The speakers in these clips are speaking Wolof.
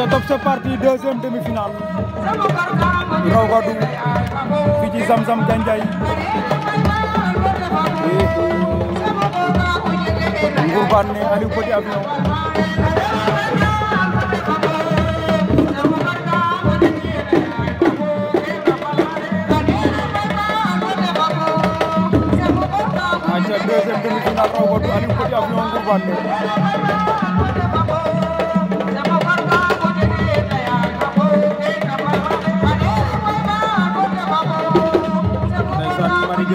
aca top c'est parti deuxième demi-finale Raougadou fii ci Zamzam Gandiaye Ngourbane ne Aliou Petit Avion aca deuxième demi-finale Raougadou Aliou Petit Avion Ngourbane ne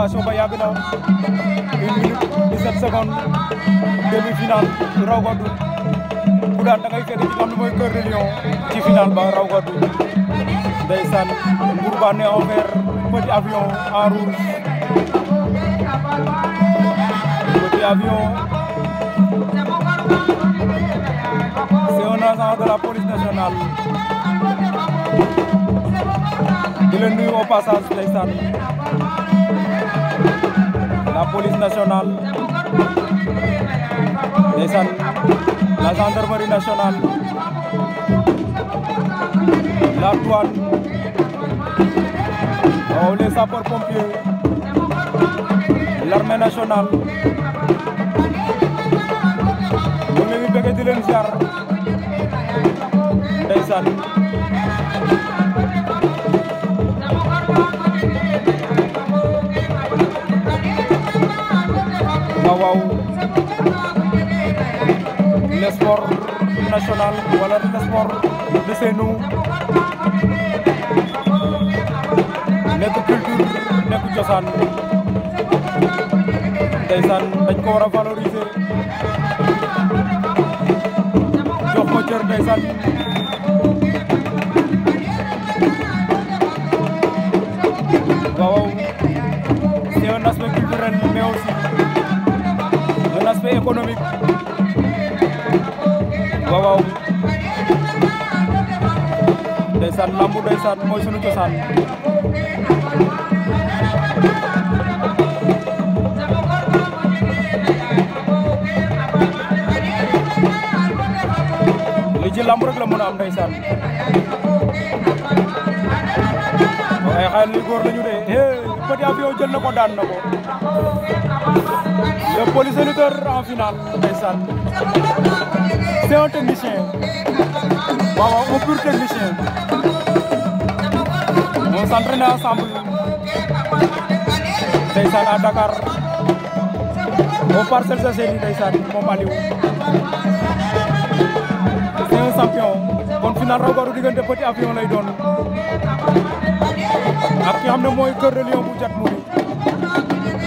situation ba yàgg na une minute 17 secondes demi-finale raw gaddu bu daan da ngay fekk ci am lu mooy cœur de lion ci finale ba raw gaddu ndeysaan Diourbel en vert petit avion en rouge petit avion c'est un agent de la police nationale di leen nuyu au passage ndeysaan la police nationale la gendarmerie nationale la douane waaw oh, les sapeurs l'armée nationale ñu ngi bëgg di leen ziar ndeysaan waaw le sport national wala le sport de chez nous nekk culture cosaan ndeysaan dañ ko war a valoriser jox ko cër ndeysaan aspect économique waaw waaw ndeysaan mooy sunu cosaan li ci lamb rek la mën a ay xale yu góor lañu de Petit Avion jël na ko daan na ko le policéniteur en finale ndeysaan c'est un technicien waaw waaw un pur technicien on s'entraîne ensemble ndeysaan à Dakar au Parcelles Assainies ndeysaan moom Aliou c'est un champion kon final raw garu diggante Petit Avion lay doon आपके हमने मोह कर लिया मुझे मुड़ी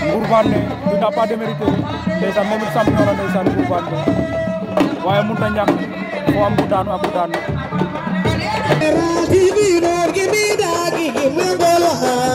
कुर्बान ने बिना पादे मेरी तेरी जैसा मैं मेरे सामने वाला जैसा कुर्बान ने वाय मुंडा ने वो हम बुदान वो बुदान